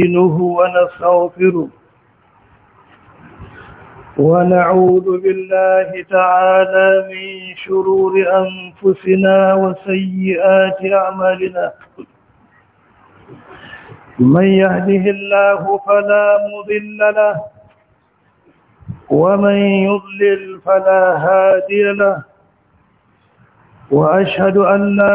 نستعينه ونستغفره ونعوذ بالله تعالى من شرور أنفسنا وسيئات أعمالنا من يهده الله فلا مضل له ومن يضلل فلا هادي له وأشهد أن لا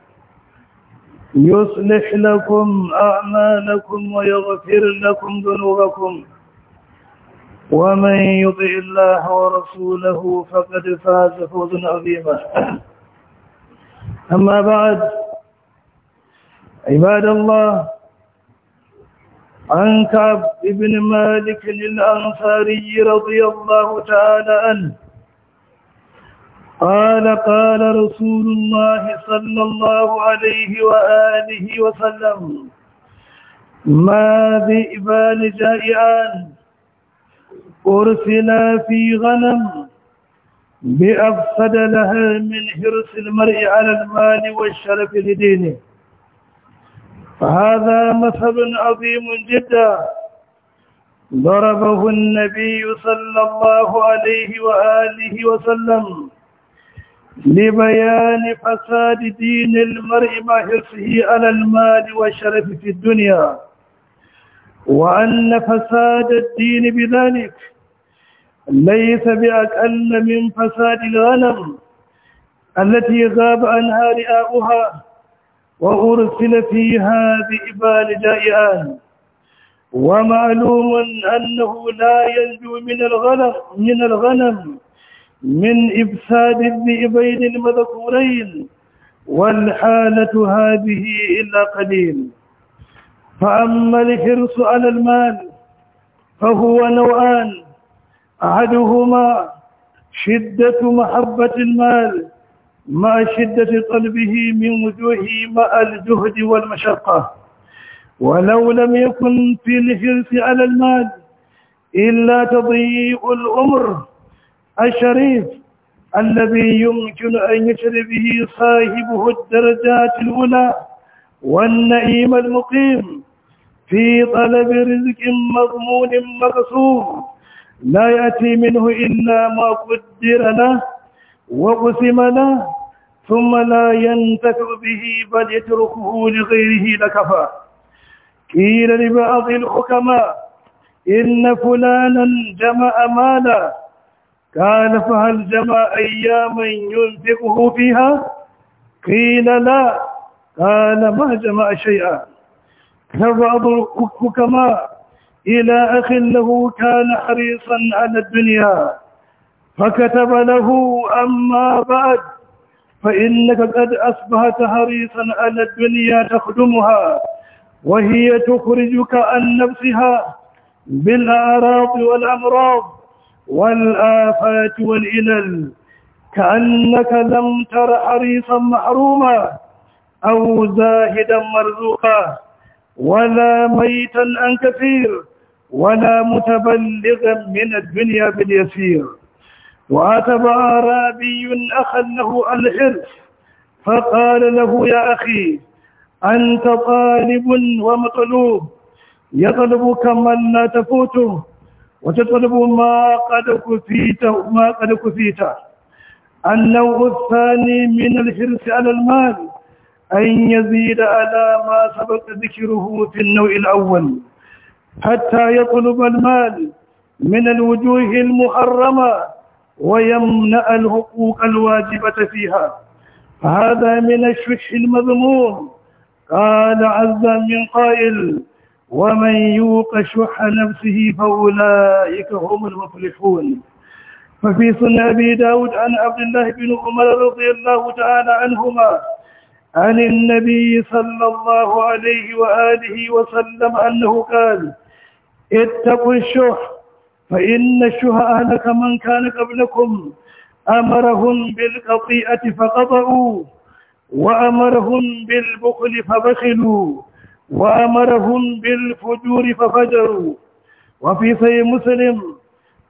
يصلح لكم أعمالكم ويغفر لكم ذنوبكم ومن يطع الله ورسوله فقد فاز فوزا عظيما أما بعد عباد الله عن كعب بن مالك الأنصاري رضي الله تعالى عنه قال قال رسول الله صلى الله عليه وآله وسلم ما ذئبان جائعان أرسلا في غنم بأفسد لها من حرص المرء على المال والشرف لدينه فهذا مثل عظيم جدا ضربه النبي صلى الله عليه وآله وسلم لبيان فساد دين المرء مع حرصه على المال والشرف في الدنيا وأن فساد الدين بذلك ليس بأقل من فساد الغنم التي غاب عنها رئاؤها وأرسل فيها بإبال جائعان ومعلوم أنه لا ينجو من الغنم من الغنم من إفساد الذئبين المذكورين والحالة هذه إلا قليل فأما الحرص على المال فهو نوعان أحدهما شدة محبة المال مع شدة طلبه من وجوه مع الجهد والمشقة ولو لم يكن في الحرص على المال إلا تضييق الأمر الشريف الذي يمكن أن يشري به صاحبه الدرجات الأولى والنعيم المقيم في طلب رزق مضمون مقسوم لا يأتي منه إلا ما قدر له وقسم له ثم لا ينتفع به بل يتركه لغيره لكفى قيل لبعض الحكماء إن فلانا جمع مالا قال فهل جمع أياما ينفقه فيها قيل لا قال ما جمع شيئا تبعض الحكماء إلى أخ له كان حريصا على الدنيا فكتب له أما بعد فإنك قد أصبحت حريصا على الدنيا تخدمها وهي تخرجك عن نفسها بالأعراض والأمراض والآفات والإلل كأنك لم تر حريصا محروما أو زاهدا مرزوقا ولا ميتا عن كثير ولا متبلغا من الدنيا باليسير وعتب أعرابي أخا له الحرف فقال له يا أخي أنت طالب ومطلوب يطلبك من لا تفوته وتطلب ما قد كفيت ما قد كفيت النوع الثاني من الحرص على المال أن يزيد على ما سبق ذكره في النوع الأول حتى يطلب المال من الوجوه المحرمة ويمنع الحقوق الواجبة فيها فهذا من الشح المذموم قال عز من قائل ومن يوق شح نفسه فأولئك هم المفلحون ففي سنة أبي داود عن عبد الله بن عمر رضي الله تعالى عنهما عن النبي صلى الله عليه وآله وسلم أنه قال اتقوا الشح فإن الشح أهلك من كان قبلكم أمرهم بالقطيئة فقطعوا وأمرهم بالبخل فبخلوا وأمرهم بالفجور ففجروا وفي صحيح مسلم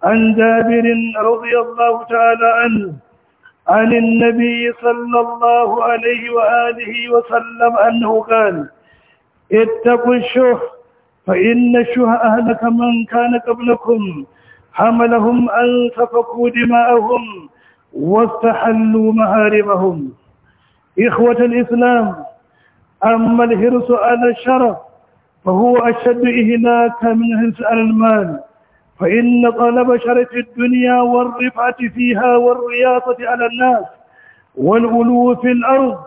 عن جابر رضي الله تعالى عنه عن النبي صلى الله عليه وآله وسلم أنه قال اتقوا الشح فإن الشح أهلك من كان قبلكم حملهم أن سفكوا دماءهم واستحلوا مهارمهم إخوة الإسلام أما الهرس على الشرف فهو أشد إهلاكا من هرس على المال فإن طلب شرف الدنيا والرفعة فيها والرياضة على الناس والغلو في الأرض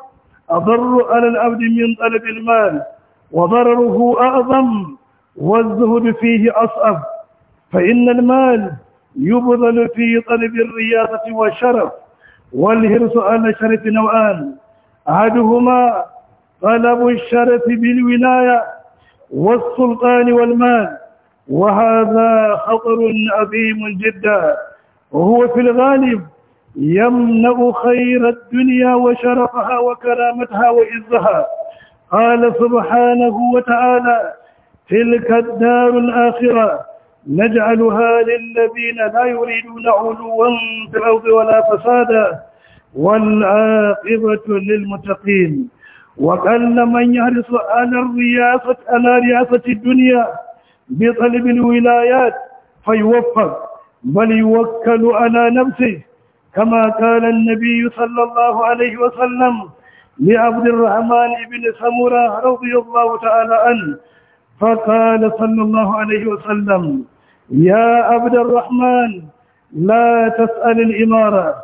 أضر على العبد من طلب المال وضرره أعظم والزهد فيه أصعب فإن المال يبذل في طلب الرياضة والشرف والهرس على الشرف نوعان أحدهما طلب الشرف بالولاية والسلطان والمال وهذا خطر عظيم جدا وهو في الغالب يمنع خير الدنيا وشرفها وكرامتها وعزها قال سبحانه وتعالى تلك الدار الآخرة نجعلها للذين لا يريدون علوا في الأرض ولا فسادا والعاقبة للمتقين وقل من يحرص على الرياسة على رياسة الدنيا بطلب الولايات فيوفق بل يوكل على نفسه كما قال النبي صلى الله عليه وسلم لعبد الرحمن بن سمرة رضي الله تعالى عنه فقال صلى الله عليه وسلم يا عبد الرحمن لا تسأل الإمارة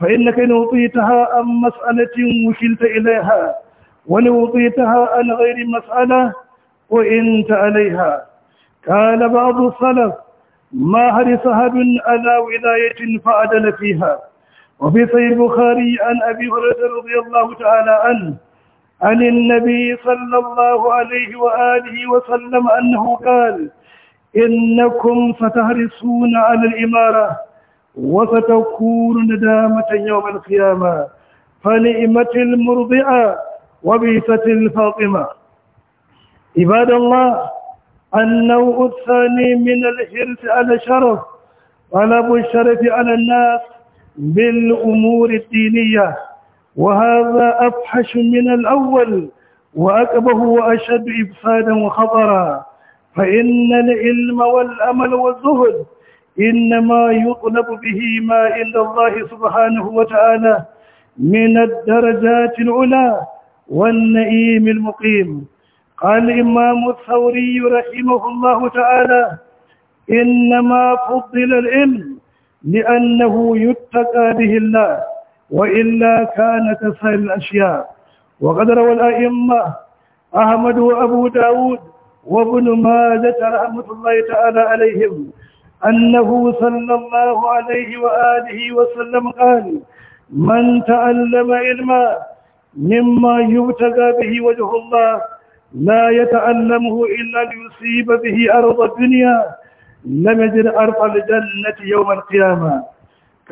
فإنك إن أعطيتها عن مسألة وكلت إليها ولو أطيتها عن غير مسألة وإنت عليها قال بعض السلف ما حرص أحد على ولاية فعدل فيها وفي صحيح البخاري عن أبي هريرة رضي الله تعالى عنه عن النبي صلى الله عليه وآله وسلم أنه قال إنكم ستهرسون على الإمارة وستكون ندامة يوم القيامة فنئمة المرضعة وبئست الفاطمة عباد الله النوع الثاني من الحرص على الشرف طلب الشرف على الناس بالأمور الدينية وهذا أفحش من الأول وأكبه وأشد إفسادا وخطرا فإن العلم والأمل والزهد إنما يطلب به ما عند الله سبحانه وتعالى من الدرجات العلى والنئيم المقيم قال الإمام الثوري رحمه الله تعالى إنما فضل العلم لأنه يتقى به الله وإلا كان كسائر الأشياء وقد روى الأئمة أحمد وأبو داود وابن ماجة رحمة الله تعالى عليهم أنه صلى الله عليه وآله وسلم قال من تعلم علما مما يبتغى به وجه الله لا يتعلمه إلا ليصيب به أرض الدنيا لم يجد أرض الجنة يوم القيامة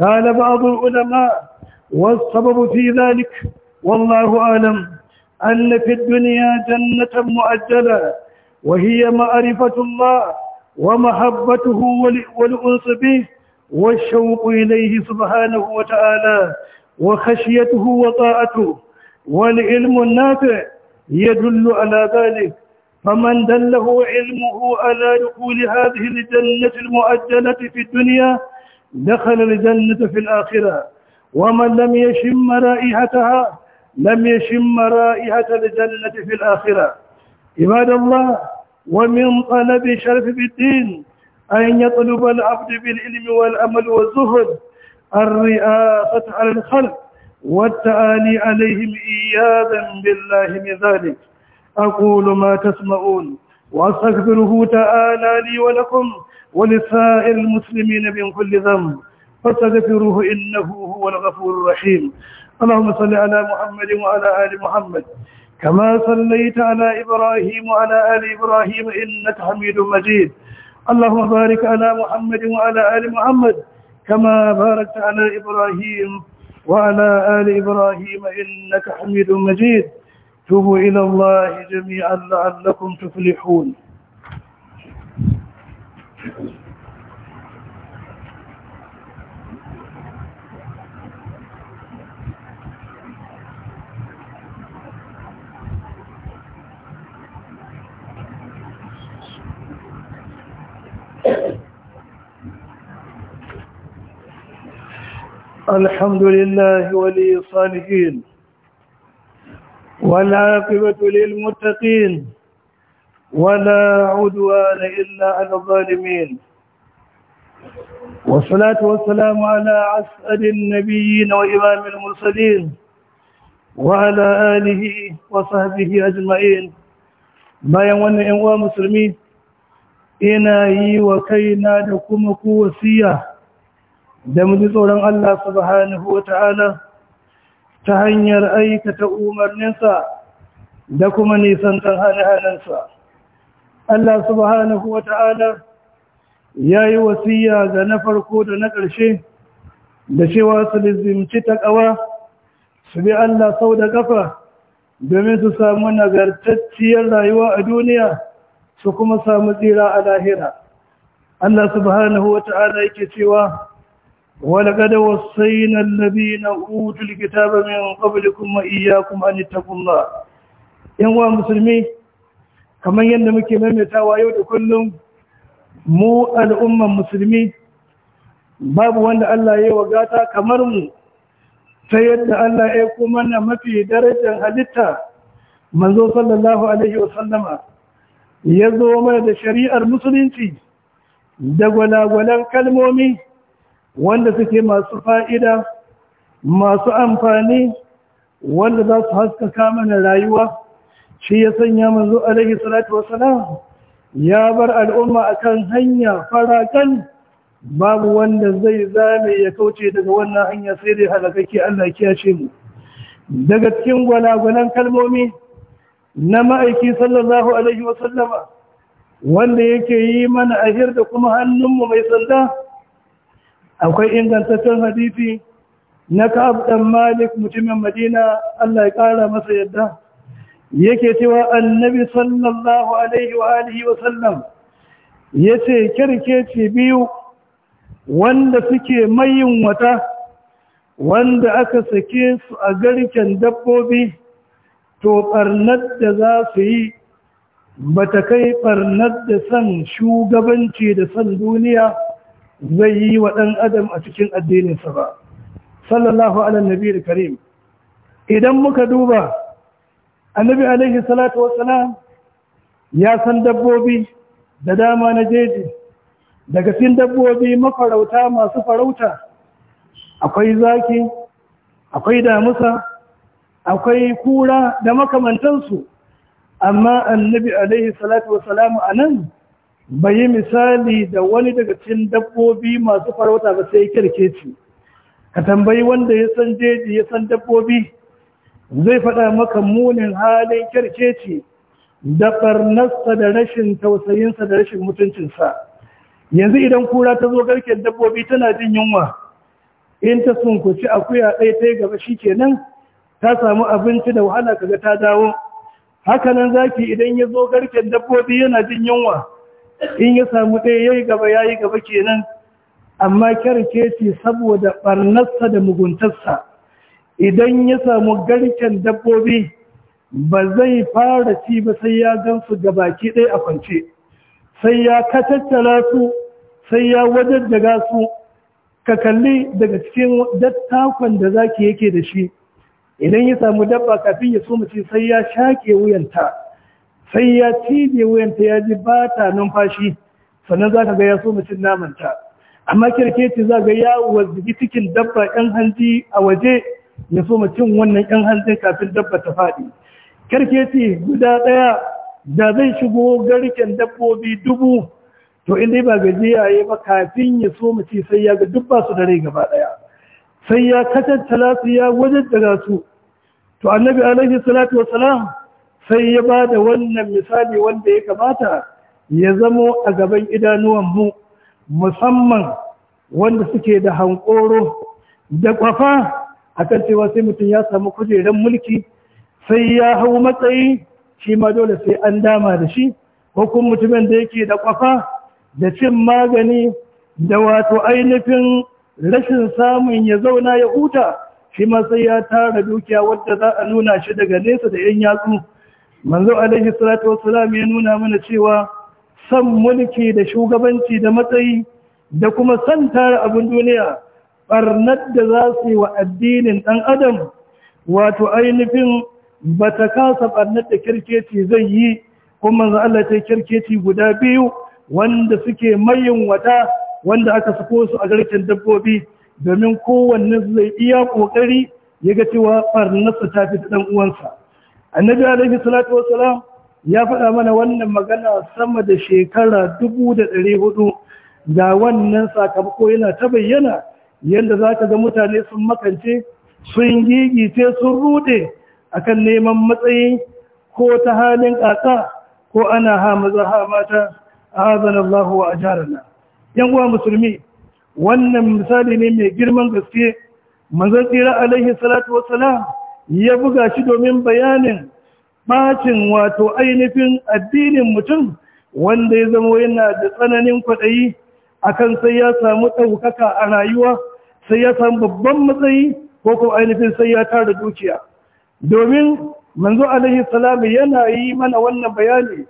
قال بعض العلماء والسبب في ذلك والله أعلم أن في الدنيا جنة مؤجلة وهي معرفة الله ومحبته والأنس به والشوق إليه سبحانه وتعالى وخشيته وطاعته والعلم النافع يدل على ذلك فمن دله علمه على دخول هذه الجنة المؤجلة في الدنيا دخل الجنة في الآخرة ومن لم يشم رائحتها لم يشم رائحة الجنة في الآخرة عباد الله ومن طلب شرف الدين أن يطلب العبد بالعلم والأمل والزهد الرئاسة على الخلق والتآلي عليهم إياذا بالله من ذلك أقول ما تسمعون وأستغفره تعالى لي ولكم ولسائر المسلمين من كل ذنب فاستغفروه إنه هو الغفور الرحيم اللهم صل على محمد وعلى آل محمد كما صليت على إبراهيم وعلى آل إبراهيم إنك حميد مجيد اللهم بارك على محمد وعلى آل محمد كما باركت على إبراهيم وعلى آل إبراهيم إنك حميد مجيد توبوا إلى الله جميعا لعلكم تفلحون Thank you. الحمد لله ولي الصالحين والعاقبة للمتقين ولا عدوان إلا على الظالمين والصلاة والسلام على عسأل النبيين وإمام المرسلين وعلى آله وصحبه أجمعين ما wannan إنواء مسلمين إنا هي وكينا لكم قوسية da mu ji tsoron Allah subhanahu wa ta'ala ta hanyar aikata umarninsa da kuma nisantar hane-hanensa. Allah subhanahu wa ta'ala ya yi wasiya ga na farko da na ƙarshe da cewa su ta ƙawa, su bi Allah sau da ƙafa domin su samu nagartacciyar rayuwa a duniya su kuma samu tsira a lahira. Allah subhanahu wa ta'ala yake cewa ولقد وصينا الذين na الكتاب likita قبلكم وإياكم أن اتقوا الله ينوى مسلمين كما يندمك من يتاوى كلهم mu al'umman musulmi babu wanda Allah ya wagata kamar mu ta yadda Allah ya kuma na mafi darajar halitta manzo sallallahu alaihi ya zo mana da shari'ar musulunci da gwalagwalan kalmomi wanda suke masu fa'ida masu amfani wanda za su haskaka mana rayuwa shi ya sanya manzo alaihi salatu wasalam ya bar al'umma a kan hanya farakan babu wanda zai zame ya kauce daga wannan hanya sai dai halakake Allah kiyashe mu daga cikin gwanagwanan kalmomi na ma'aiki sallallahu alaihi wasallama wanda yake yi mana ahir da kuma hannunmu mai sanda akwai ingantaccen hadisi na kabdan malik mutumin madina Allah ya kara masa yadda yake cewa annabi sallallahu alaihi wa alihi wa sallam yace kirkeci biyu wanda suke mayin wata wanda aka sake su a garken dabbobi to barnar da za su yi bata kai barnar da san shugabanci da san duniya zai yi wa ɗan adam a cikin addininsa ba sallallahu ala nabi karim idan muka duba annabi alaihi salatu salam ya san dabbobi da dama na jeji daga cikin dabbobi mafarauta masu farauta akwai zaki akwai damusa akwai kura da makamantansu amma annabi alaihi salatu wasalamu a nan bai yi misali da wani daga cikin dabbobi masu farauta ba sai ci. ka tambayi wanda ya san jeji ya san dabbobi zai faɗa maka munin halin kirkeci da ɓarnarsa da rashin tausayinsa da rashin mutuncinsa yanzu idan kura ta zo garken dabbobi tana jin yunwa in ta sunkuci akuya ɗaya ta gaba shi kenan ta samu abinci da wahala kaga ta dawo hakanan zaki idan ya zo garken dabbobi yana jin yunwa in ya samu ɗaya yayi gaba yayi gaba kenan amma kyarke ce saboda ɓarnarsa da muguntarsa idan ya samu garken dabbobi ba zai fara ci ba sai ya ga gabaki ɗaya a kwance sai ya katattala su sai ya wajen daga su ka kalli daga cikin dattakon da za zaki yake da shi idan ya samu dabba kafin ya so mace sai ya shaƙe wuyanta sai ya cije wuyanta ya ji ba ta numfashi sannan za ka ga ya so mutum namanta amma kirkeci za ga ya wazzigi cikin dabba yan hanji a waje ya so mutum wannan yan hanji kafin dabba ta faɗi kirkeci guda ɗaya da zai shigo garken dabbobi dubu to inda ba gajiya ya ba kafin ya so mace sai ya ga duk ba su da gaba ɗaya sai ya katantala su ya wajen daga su to annabi alaihi salatu wasalam sai ya ba da wannan misali wanda ya kamata ya zamo a gaban idanuwanmu musamman wanda suke da hankoro da kwafa kan cewa sai mutum ya samu kujerar mulki sai ya hau matsayi shi ma dole sai an dama da shi hukun mutumin da yake da kwafa da cin magani da wato ainihin rashin samun ya zauna ya huta shi ma sai ya tara dukiya wadda za a nuna shi daga nesa da 'yan yatsu manzo alaihi salatu wassalam ya nuna mana cewa san mulki da shugabanci da matsayi da kuma san tara abin duniya barnar da za su yi wa addinin ɗan adam wato ainihin ba ta kasa barnar da kirkeci zai yi kuma manzo Allah ta kirkeci guda biyu wanda suke mayin wata wanda aka sako su a garken dabbobi domin kowanne zai iya kokari ya ga cewa barnarsa ta fi ɗan uwansa annabi alaihi salatu wassalam ya faɗa mana wannan magana sama da shekara dubu da ɗari hudu da wannan sakamako yana ta bayyana yadda za ka ga mutane sun makance sun gigice sun rude akan neman matsayi ko ta halin ƙaƙa ko ana ha maza ha mata azanallahu wa ajarana yan uwa musulmi wannan misali ne mai girman gaske manzon tsira alaihi salatu wassalam ya buga shi domin bayanin bacin wato ainihin addinin mutum wanda ya zama yana da tsananin kwaɗayi akan sai ya samu ɗaukaka a rayuwa sai ya samu babban matsayi ko kuma ainihin sai ya tara dukiya domin manzo alaihi salam yana yi mana wannan bayani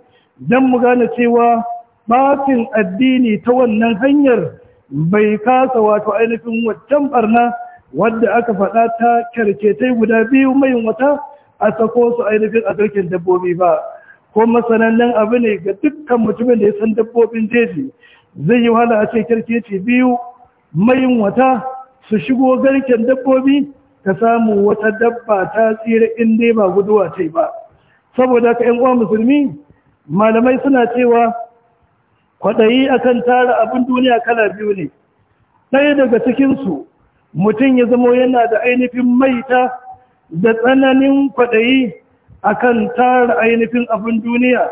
don mu gane cewa bacin addini ta wannan hanyar bai kasa wato ainihin waccan barna Wadda aka faɗa ta karketai guda biyu mai wata a sako su ainihin a garken dabbobi ba ko masanannen abu ne ga dukkan mutumin da ya san dabbobin jeji zai yi wahala a ce karkeci biyu mai wata su shigo garken dabbobi ka samu wata dabba ta tsira in dai ba guduwa ce ba saboda ka yan uwa musulmi malamai suna cewa kwaɗayi akan tara abin duniya kala biyu ne ɗaya daga cikinsu mutum ya zama yana da ainihin maita da tsananin kwaɗayi a kan tara ainihin abin duniya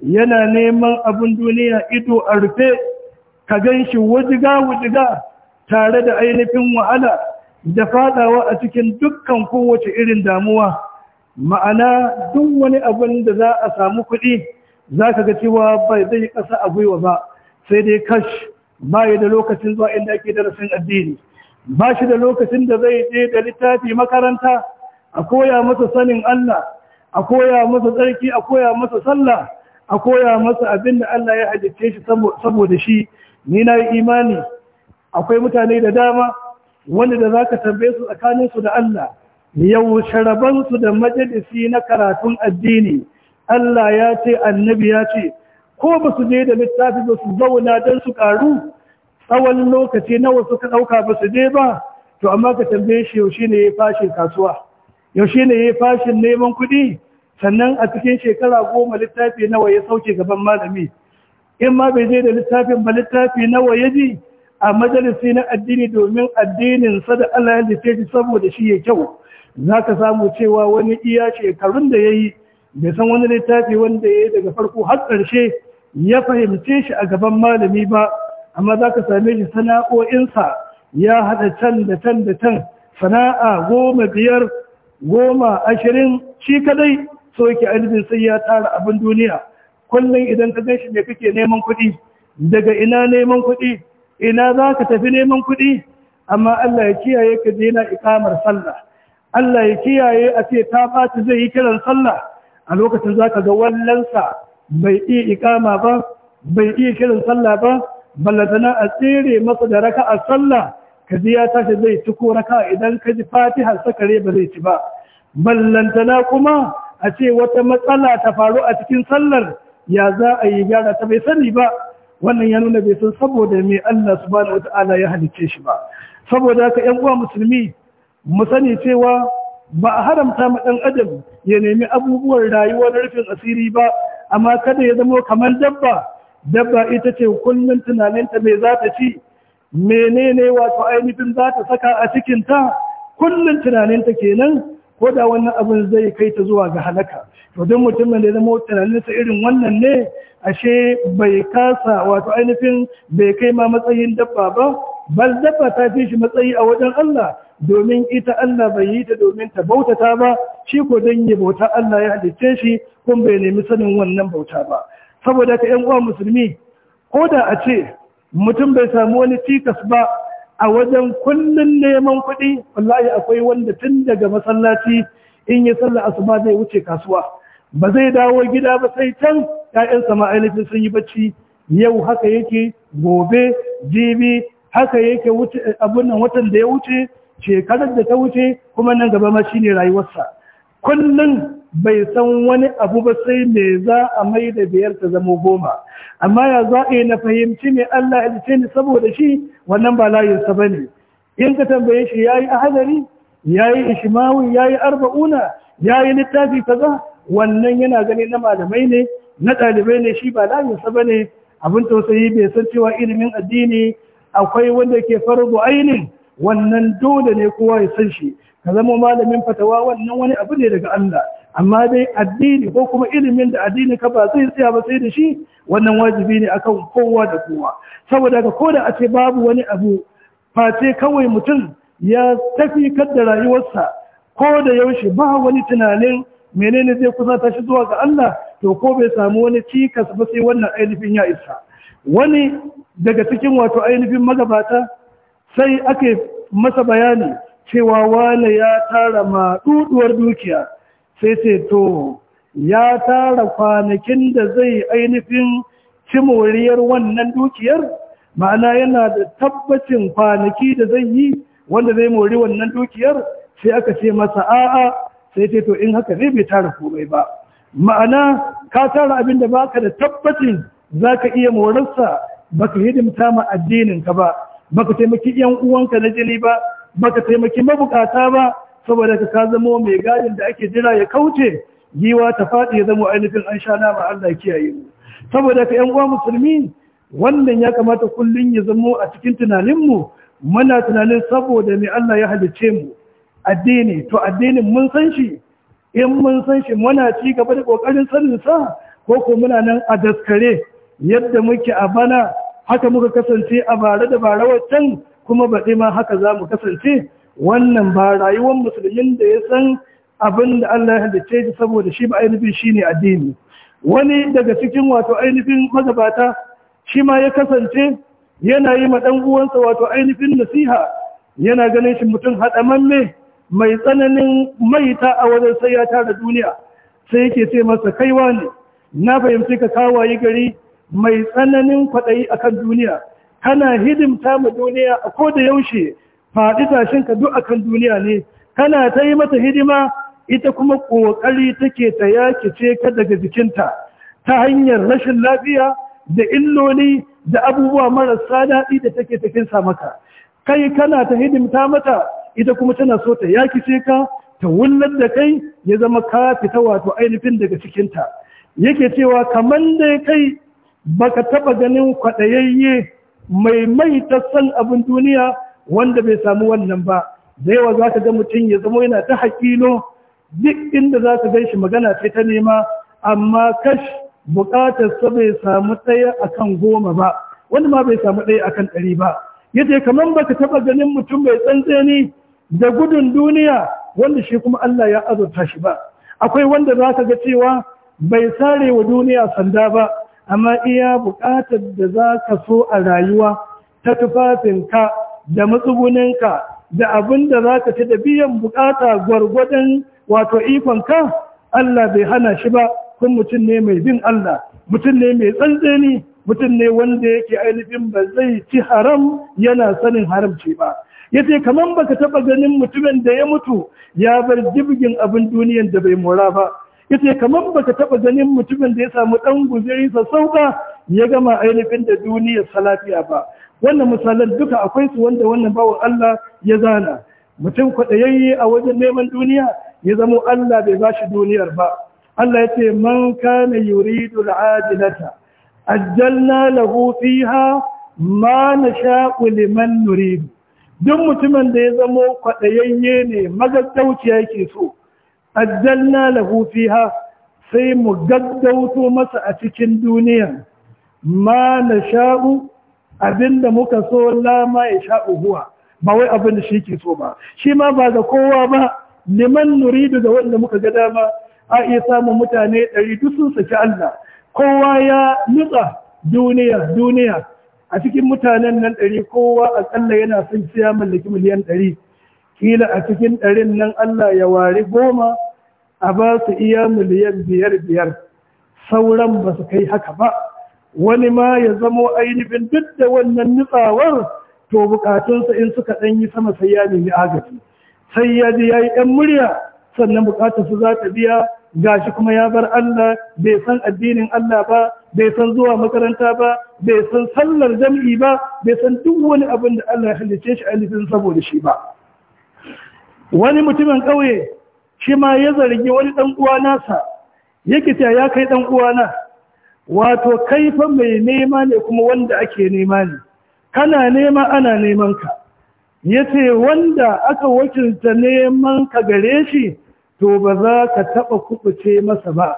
yana neman abin duniya ido a rufe ka gan shi wajiga-wajiga tare da ainihin wahala da fadawa a cikin dukkan kowace irin damuwa ma'ana duk wani abin da za a samu kuɗi za ka ga cewa bai zai ƙasa a gwiwa ba sai dai kash bayi da lokacin zuwa inda ake darasin addini ba shi da lokacin da zai je da littafi makaranta a koya masa sanin Allah a koya masa tsarki a koya masa sallah a koya masa abin da Allah ya hajjace shi saboda shi ni na yi imani akwai mutane da dama wanda da za ka tambaye su tsakaninsu da Allah yau su da majalisi na karatun addini Allah ya ce annabi ya ce ko ba su je da littafi ba su zauna don su karu tsawon lokaci nawa suka ɗauka ba su je ba to amma ka tambaye shi yaushe ne ya fashin kasuwa yaushe ne ya fashin neman kuɗi sannan a cikin shekara goma littafi nawa ya sauke gaban malami in ma bai je da littafin ba littafi nawa ya ji a majalisi na addini domin addinin sa da Allah ya lice shi saboda shi ya kyau za ka samu cewa wani iya shekarun da ya yi bai san wani littafi wanda ya yi daga farko har ƙarshe ya fahimce shi a gaban malami ba amma za ka same shi sana'o'insa ya haɗa can da can da can sana'a goma biyar goma ashirin shi kadai so yake ainihin sai ya tara abin duniya kullum idan ka gan shi ne kake neman kuɗi daga ina neman kuɗi ina za ka tafi neman kuɗi amma Allah ya kiyaye ka daina ikamar sallah Allah ya kiyaye a ce ta ɓaci zai yi kiran sallah a lokacin za ka ga wallansa bai iya ikama ba bai iya kiran sallah ba ballatana a tsere masa da raka a sallah ka ji ya tashi zai ci ko raka idan ka ji fatiha sakare ba zai ci ba ballantana kuma a ce wata matsala ta faru a cikin sallar ya za a yi gyara ta bai sani ba wannan ya nuna bai san saboda mai Allah subhanahu wata'ala ya halicce shi ba saboda haka 'yan uwa musulmi mu sani cewa ba a haramta ma ɗan adam ya nemi abubuwan rayuwa na rufin asiri ba amma kada ya zama kamar dabba dabba ita ce kullum tunaninta mai za ta ci menene wato ainihin za ta saka a cikinta kullum tunaninta kenan ko da wannan abin zai kai ta zuwa ga halaka to don mutumin da ya zama tunaninsa irin wannan ne ashe bai kasa wato ainihin bai kai ma matsayin dabba ba bal dabba ta fi shi matsayi a wajen Allah domin ita Allah bai yi ta domin ta bautata ba shi ko don yi bauta Allah ya halicce shi kun bai nemi sanin wannan bauta ba saboda ka yan uwa musulmi ko da a ce mutum bai samu wani tikas ba a wajen kullum neman kuɗi wallahi akwai wanda tun daga masallaci in ya sallah asuba zai wuce kasuwa ba zai dawo gida ba sai can Ya'yan sama ainihin sun yi bacci yau haka yake gobe jibi haka yake wuce abun watan da ya wuce shekarar da ta wuce kuma nan gaba ma shine rayuwarsa Kullum. bai san wani abu ba sai me za a mai da biyar ta zama goma amma ya za a yi na fahimci ne Allah ya ce ni saboda shi wannan ba layinsa ba ne in ka tambaye shi ya yi ahadari ya yi ishimawi ya yi arba'una ya yi littafi kaza wannan yana gani na malamai ne na ɗalibai ne shi ba layinsa ba ne abin tausayi bai san cewa ilimin addini akwai wanda ke farko ainin wannan dole ne kowa ya san shi ka zama malamin fatawa wannan wani abu ne daga Allah amma dai addini ko kuma ilimin da addini ka ba zai tsaya ba sai da shi wannan wajibi ne akan kowa da kowa saboda ka koda a ce babu wani abu face kawai mutum ya tafi da rayuwarsa ko da yaushe ba wani tunanin menene zai kusa ta shi zuwa ga Allah to ko bai samu wani cikas ba sai wannan ainihin ya isa wani daga cikin wato ainihin magabata sai ake masa bayani cewa wane ya tara maɗuɗuwar dukiya sai ce to ya tara kwanakin da zai ainihin cimoriyar wannan dukiyar ma'ana yana da tabbacin kwanaki da zai yi wanda zai mori wannan dukiyar sai aka ce masa a'a sai ce to in haka zai bai tara komai ba ma'ana ka tara abin da baka da tabbacin za ka iya morarsa baka hidimta ma addinin ka ba baka taimaki yan uwanka na jini ba baka taimaki mabukata ba saboda ka ka zama mai gadin da ake jira ya kauce giwa ta faɗi ya zama ainihin an sha nama Allah kiyaye mu saboda ka yan uwa musulmi wannan ya kamata kullun ya zama a cikin tunanin mu muna tunanin saboda mai Allah ya halice mu addini to addinin mun san shi in mun san shi muna ci gaba da kokarin sanin sa ko ko muna nan a daskare yadda muke a bana haka muka kasance a bare da bare wacan kuma baɗi ma haka za mu kasance wannan ba rayuwar musulmin da ya san abin da Allah ya halice shi saboda shi ba ainihin shi ne addini wani daga cikin wato ainihin magabata shi ma ya kasance yana yi ma ɗan uwansa wato ainihin nasiha yana ganin shi mutum haɗamamme mai tsananin maita a wajen sai ya tara duniya sai yake ce masa kaiwa ne na fahimci ka kawayi gari mai tsananin kwaɗayi akan duniya kana hidimta ma duniya a ko da yaushe faɗi tashin ka duk akan duniya ne kana ta yi mata hidima ita kuma ƙoƙari take ta yakice ka daga jikinta ta hanyar rashin lafiya da illoli da abubuwa marasa daɗi da take tafinsa maka kai kana ta hidimta mata ita kuma tana so ta yakice ka ta wullar da kai ya zama ka fita wato ainihin daga cikinta yake cewa kamar dai kai baka taɓa ganin kwaɗayayye mai mai ta san abin duniya wanda bai samu wannan ba da yawa za ka ga mutum ya zama yana ta hakilo duk inda za ka shi magana ce ta nema amma kash sa bai samu ɗaya akan goma ba wanda ma bai samu ɗaya akan ɗari ba ya ce kamar baka taɓa ganin mutum bai tsantseni da gudun duniya wanda shi kuma Allah ya azurta shi ba akwai wanda za ka ga cewa bai sare wa duniya sanda ba amma iya bukatar da za ka so a rayuwa ta tufafinka da matsuguninka da abin da za ka ci da biyan bukata gwargwadon wato ikonka Allah bai hana shi ba kun mutum ne mai bin Allah mutum ne mai tsantseni mutum ne wanda yake ainihin ba zai ci haram yana sanin haramci ba ya ce kamar baka taba ganin mutumin da ya mutu ya bar jibgin abin duniyan da bai mora ba ya ce kamar baka taba ganin mutumin da ya samu dan guzuri sa sauka ya gama ainihin da duniyar sa lafiya ba wannan misalan duka akwai su wanda wannan bawan Allah ya zana mutum kwaɗayayye a wajen neman duniya ya zamo Allah bai ba shi duniyar ba Allah ya ce man kana yuridu al'ajilata ajjalna lahu fiha ma nasha'u liman nuridu duk mutumin da ya zamo kwaɗayayye ne magaggauciya yake so ajjalna lahu fiha sai mu gaggauto masa a cikin duniya ma nasha'u abinda muka so lama ya sha uhuwa ba wai abin da shi ke so ba shi ma ba ga kowa ba neman nuridu da wanda muka ga dama a iya samun mutane ɗari duk sun saki Allah kowa ya nutsa duniya duniya a cikin mutanen nan ɗari kowa aƙalla yana son siya mallaki miliyan ɗari kila a cikin ɗarin nan Allah ya wari goma a ba su iya miliyan biyar biyar sauran ba su kai haka ba wani ma ya zamo ainihin duk da wannan nutsawar to bukatunsa in suka ɗan yi sama sai ya nemi agaji sai ya ji ya yi ɗan murya sannan bukatunsa za ta biya ga shi kuma ya bar Allah bai san addinin Allah ba bai san zuwa makaranta ba bai san sallar jam'i ba bai san duk wani abin da Allah ya halice shi alifin saboda shi ba wani mutumin ƙauye shi ma ya zargi wani ɗan uwa nasa yake ta ya kai ɗan uwa na wato kaifa mai nema ne kuma wanda ake nema ne kana nema ana neman ka yace wanda aka wakilta neman ka gare shi to ba za ka taba kubuce masa ba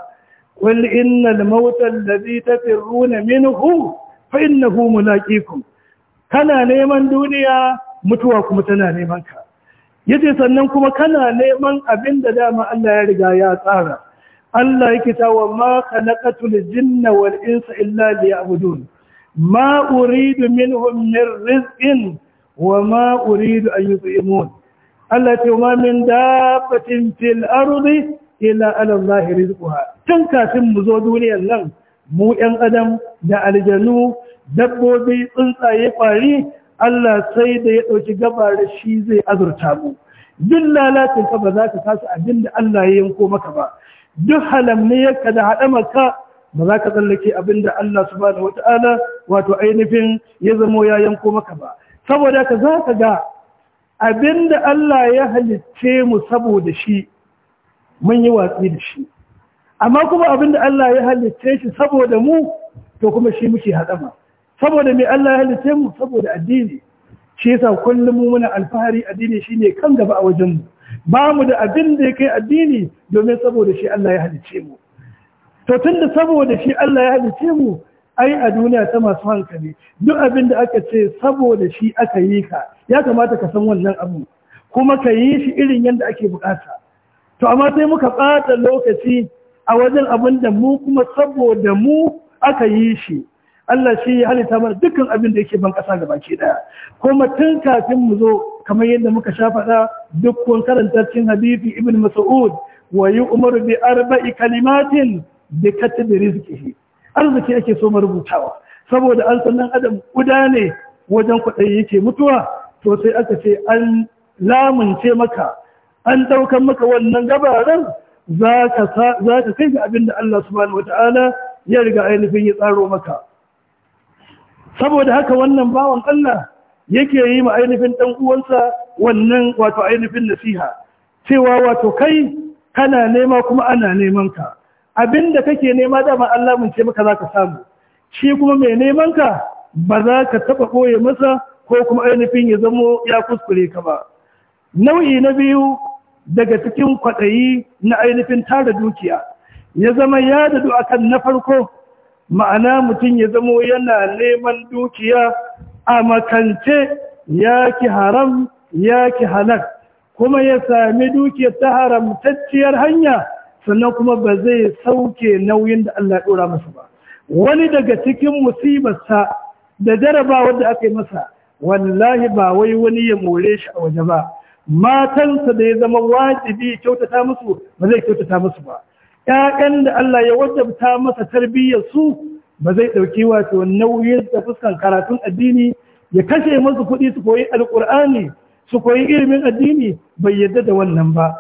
qul innal mauta alladhi tafiruna minhu fa innahu mulaqikum kana neman duniya mutuwa kuma tana neman ka yace sannan kuma kana neman abinda dama Allah ya riga ya tsara Allah yake ta wa ma khalaqatul jinna wal insa illa liya'budun ma uridu minhum min rizqin wa ma uridu an yut'imun Allah ce ma min dabbatin fil ardi illa ala Allah rizquha tun kafin mu zo duniyar nan mu 'yan adam da aljanu dabbobi tsuntsaye kwari Allah sai da ya ɗauki gaba da shi zai azurta mu duk lalatin ka ba za ka kasa abinda Allah ya yanko maka ba duk halamniyarka da haɗamarka ba za ka tsallake abin da Allah subhanahu wa ta'ala wato ainihin ya zamo ya yanko maka ba saboda ka za ka ga abin da Allah ya halicce mu saboda shi mun yi watsi da shi amma kuma abin da Allah ya halicce shi saboda mu to kuma shi muke haɗama saboda me Allah ya halicce mu saboda addini shi yasa kullum mu muna alfahari addini shine kan gaba a wajen mu ba mu da abin da ya kai addini domin saboda shi Allah ya halice mu to tunda saboda shi Allah ya halice mu ai a duniya ta masu hankali duk abin da aka ce saboda shi aka yi ka ya kamata ka san wannan abu kuma ka yi shi irin yadda ake bukata to amma sai muka bata lokaci a wajen abin da mu kuma saboda mu aka yi shi Allah shi ya halitta mana dukkan abin da yake ban kasa gaba ke daya kuma tun kafin mu zo kamar yadda muka sha faɗa duk kun karanta cikin hadisi ibn mas'ud wa Umaru bi arba'i kalimatin bi katbi rizqihi arziki ake so marubutawa saboda an san dan adam guda ne wajen kuɗi yake mutuwa to sai aka ce an lamunce maka an daukan maka wannan gabaran za ka kai ga abin da Allah subhanahu wata'ala ya riga ainihin ya tsaro maka saboda haka wannan bawan Allah yake yi ma ainihin ɗan uwansa wannan wato ainihin nasiha cewa wato kai kana nema kuma ana neman ka Abin da kake nema dama Allah mun ce maka zaka samu shi kuma mai neman ka ba za ka taba ɓoye masa ko kuma ainihin ya zamo ya kuskure ka ba nau'i na biyu daga cikin kwaɗayi na ainihin tara dukiya ya zama ya dadu akan na farko ma'ana mutum ya zamo yana neman dukiya a makance ya ki haram ya ki halak kuma ya sami dukiyar ta haramtacciyar hanya sannan kuma ba zai sauke nauyin da Allah ɗora masu ba wani daga cikin musibarsa da jarabawar da aka yi masa wallahi ba wai wani ya more shi a waje ba matansa da ya zama wajibi kyautata musu ba zai kyautata masu ba ƴaƴan da Allah ya wajabta masa tarbiyyar su ba zai ɗauki wato nauyin da fuskan karatun addini ya kashe musu kuɗi su koyi alƙur'ani su koyi ilimin addini bai yadda da wannan ba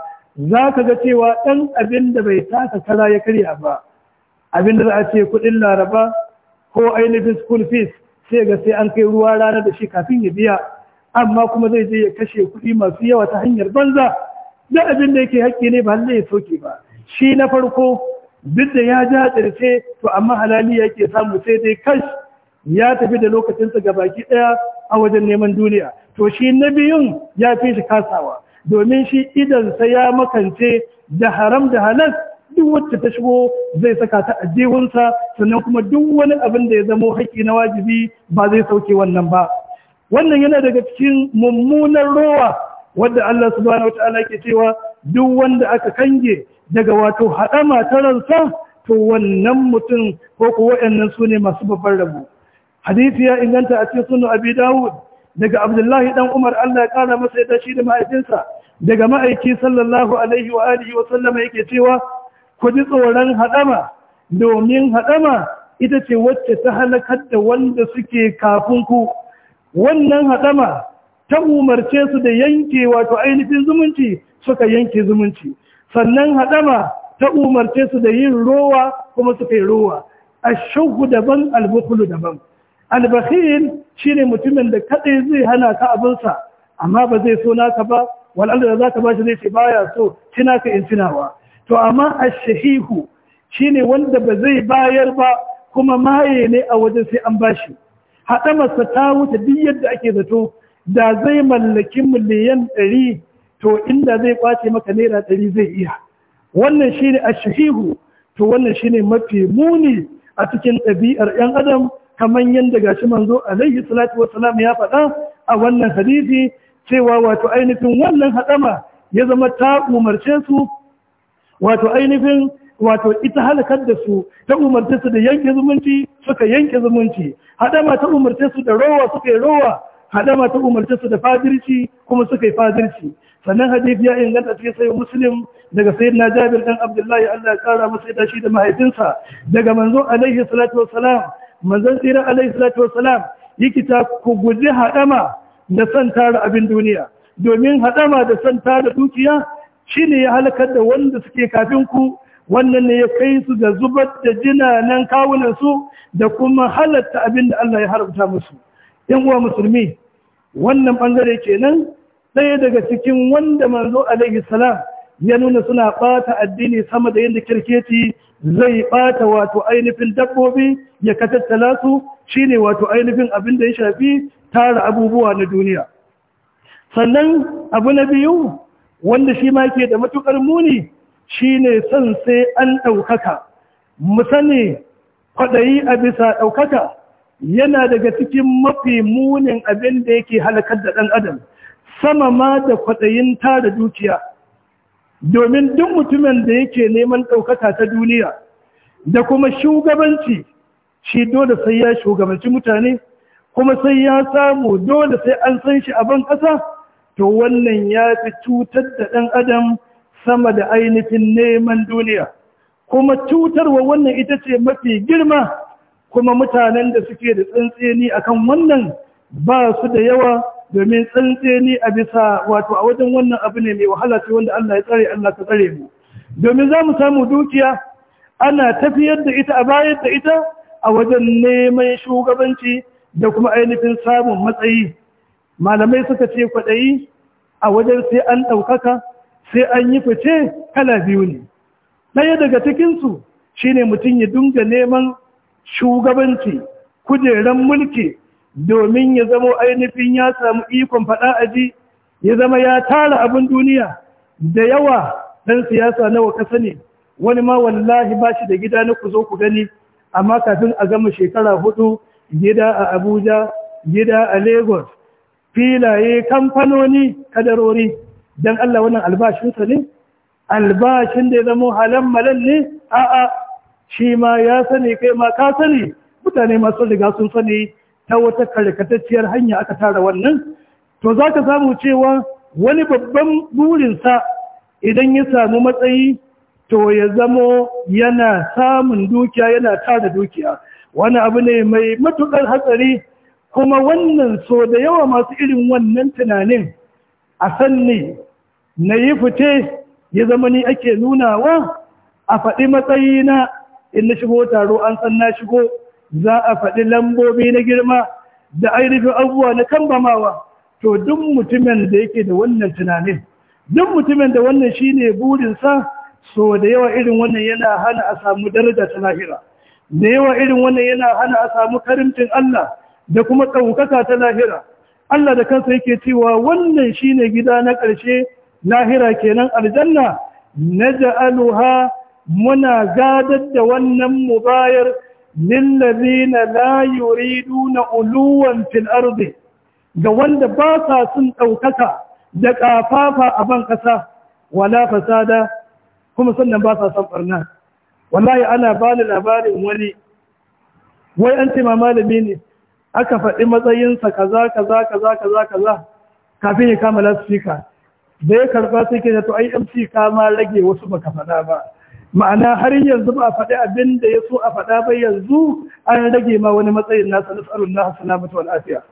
za ka ga cewa ɗan abin da bai taka kaza ya karya ba abin da za a ce kuɗin laraba ko ainihin school fees sai ga sai an kai ruwa rana da shi kafin ya biya amma kuma zai je ya kashe kuɗi masu yawa ta hanyar banza da abin da yake haƙƙi ne ba ya soke ba shi na farko duk da ya ja ƙarfe to amma halali yake samu sai dai kash ya tafi da lokacinsa ga baki ɗaya a wajen neman duniya to shi na biyun ya fi shi kasawa domin shi idansa ya makance da haram da halas. duk wacce ta shigo zai saka ta ajihunsa sannan kuma duk wani abin da ya zamo haƙƙi na wajibi ba zai sauke wannan ba wannan yana daga cikin mummunar rowa wadda Allah subhanahu ta'ala ke cewa duk wanda aka kange daga wato haɗama ta ransa to wannan mutum ko kuwa waɗannan su ne masu babbar rabo hadisi ya inganta a cikin sunan abi dawud daga abdullahi dan umar Allah ya kara masa yadda shi da mahaifinsa daga ma'aiki sallallahu alaihi wa alihi wa sallama yake cewa ku ji tsoron haɗama domin haɗama ita ce wacce ta halakar da wanda suke kafin ku wannan haɗama ta umarce su da yanke wato ainihin zumunci suka yanke zumunci sannan haɗama ta umarce su da yin rowa kuma suka yi rowa ashugu daban albukulu daban shi shine mutumin da kadai zai hana ka abinsa amma ba zai so naka ba wal'alla da zaka bashi zai ce baya so cina ka in tunawa? to amma ashahihu shine wanda ba zai bayar ba kuma maye ne a wajen sai an bashi haɗamarsa ta wuce duk yadda ake zato da zai mallaki miliyan ɗari to inda zai kwace maka naira ɗari zai iya wannan shine ashihu to wannan shine mafi muni a cikin ɗabi'ar 'yan adam kamar yadda gashi manzo alaihi salatu wassalam ya faɗa a wannan hadisi cewa wato ainihin wannan haɗama ya zama ta umarce su wato ainihin wato ita halakar da su ta umarce su da yanke zumunci suka yanke zumunci haɗama ta umarce su da rowa suka yi rowa haɗama ta umarce su da fadirci kuma suka yi fadirci sannan hadisi ya inganta cikin sai muslim daga sayyidina jabir dan abdullahi Allah ya kara masa da shi da mahaifinsa daga manzo alaihi salatu wassalam manzon tsira alaihi salatu wassalam yake ta ku guji hadama da san tara abin duniya domin hadama da san tara dukiya shine ya halakar da wanda suke kafin ku wannan ne ya kai su ga zubar da jinanan kawunan su da kuma halatta abin da Allah ya haramta musu yan uwa musulmi wannan bangare kenan sai daga cikin wanda manzo alaihi salam ya nuna suna ɓata addini sama da yadda kirketi zai ɓata wato ainihin dabbobi ya katattala su shine wato ainihin abin da ya shafi tara abubuwa na duniya sannan abu na biyu wanda shi ma ke da matukar muni shine son sai an ɗaukaka mu sani kwaɗayi a bisa ɗaukaka yana daga cikin mafi munin abin da yake halakar da ɗan adam sama ma da kwaɗayin tara dukiya domin duk mutumin da yake neman ɗaukaka ta duniya da kuma shugabanci shi dole sai ya shugabanci mutane kuma sai ya samu dole sai an san shi a ban ƙasa to wannan ya fi cutar da ɗan adam sama da ainihin neman duniya kuma cutarwa wannan ita ce mafi girma kuma mutanen da suke da tsantseni akan wannan ba su da yawa domin tsantse ni a bisa wato a wajen wannan abu ne mai wahala ce wanda Allah ya tsare Allah ta tsare mu domin za mu samu dukiya ana tafiyar da ita a bayar da ita a wajen neman shugabanci da kuma ainihin samun matsayi malamai suka ce kwaɗayi a wajen sai an ɗaukaka sai an yi fice kala biyu ne ɗaya daga cikinsu shine mutum ya dunga neman shugabanci kujeran mulki domin ya zama ainihin ya samu ikon faɗa aji ya zama ya tara abin duniya da yawa dan siyasa nawa ƙasa ne wani ma wallahi ba shi da gida na ku zo ku gani amma kafin a gama shekara hudu gida a abuja gida a lagos filaye kamfanoni kadarori don allah wannan albashinsa ne albashin da ya zama halan malan ne a'a shi ma ya sani kai ma ka sani mutane masu riga sun sani ta wata karkatacciyar hanya aka tara wannan to za ka samu cewa wani babban burinsa idan ya samu matsayi to ya zamo yana samun dukiya yana tara dukiya wani abu ne mai matukar hatsari kuma wannan so da yawa masu irin wannan tunanin a sanni na yi fice ya zama ni ake nunawa a faɗi matsayi na in na shigo taro an san na shigo za a faɗi lambobi na girma da ainihin abubuwa na kambamawa to duk mutumin da yake da wannan tunanin duk mutumin da wannan shi ne burinsa so da yawa irin wannan yana hana a samu daraja ta lahira da yawa irin wannan yana hana a samu karimcin Allah da kuma ɗaukaka ta lahira Allah da kansa yake cewa wannan shi ne gida na ƙarshe lahira kenan aljanna ja'aluha muna gadar da wannan mubayar lillazina la yuriduna uluwan fil ardi ga wanda ba sa sun ɗaukaka da ƙafafa a ban ƙasa wala fasada kuma sannan ba sa san barna wallahi ana bani labarin wani wai an ce malami ne aka faɗi matsayinsa kaza kaza kaza kaza kaza kafin ya kama lasfika da ya karba sai ke da to ai mc kama rage wasu baka faɗa ba ma'ana har yanzu ba a faɗi abin da ya so a faɗa ba yanzu an rage ma wani matsayin nasa na tsarin na hasana wa lafiya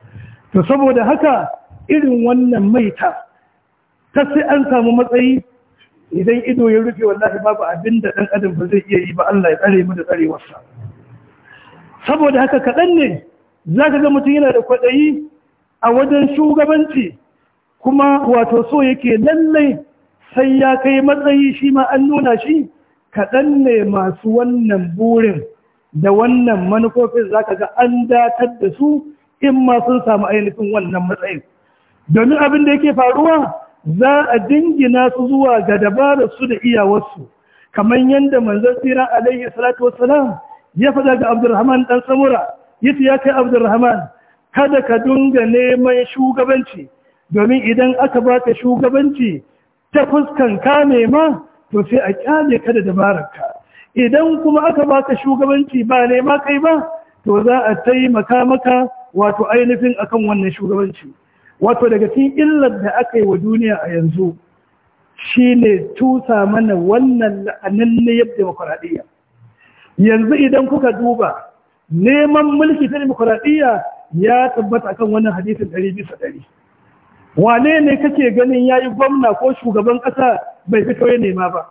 to saboda haka irin wannan maita ta sai an samu matsayi idan ido ya rufe wallahi babu abin da ɗan adam ba zai iya yi ba Allah ya tsare mu da tsarewarsa saboda haka kaɗan ne za ka ga mutum yana da kwaɗayi a wajen shugabanci kuma wato so yake lallai sai ya kai matsayi shi ma an nuna shi kaɗan ne masu wannan burin da wannan manufofin za ka ga an datar da su in ma sun samu ainihin wannan matsayin domin abin da yake faruwa za a dingina su zuwa ga dabarar su da iyawarsu kamar yadda manzon tsira alaihi salatu wassalam ya faɗa ga Abdulrahman ɗan samura yace ya kai Abdulrahman, kada ka dunga neman shugabanci domin idan aka baka shugabanci ta fuskan ka nema to sai a kyale ka da dabararka idan kuma aka baka shugabanci ba ne ma kai ba to za a taimaka maka wato ainihin akan wannan shugabanci wato daga cikin illar da aka yi wa duniya a yanzu shine tusa mana wannan la'ananniyar demokradiya yanzu idan kuka duba neman mulki ta demokradiya ya tabbata akan wannan hadisin ɗari bisa ɗari wane ne kake ganin yayi gwamna ko shugaban ƙasa bai fito ya nema ba